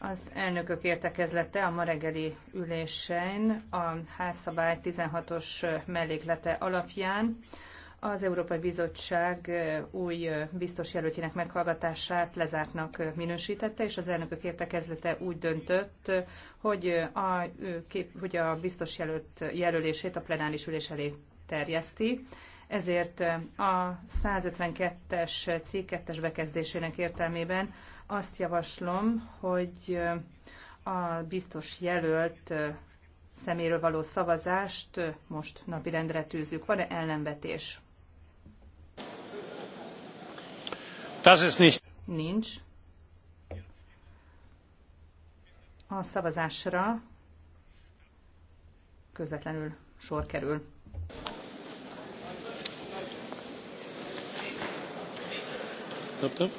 Az elnökök értekezlete a ma reggeli ülésen a házszabály 16-os melléklete alapján az Európai Bizottság eh, új eh, biztos jelöltjének meghallgatását lezártnak eh, minősítette, és az elnökök értekezlete úgy döntött, hogy a, hogy a biztos jelölt jelölését a plenáris ülés elé terjeszti. Ezért a 152-es c 2 bekezdésének értelmében azt javaslom, hogy a biztos jelölt szeméről való szavazást most napirendre tűzzük. Van-e ellenvetés? Das ist nicht. Nincs. A szavazásra közvetlenül sor kerül. Több, több?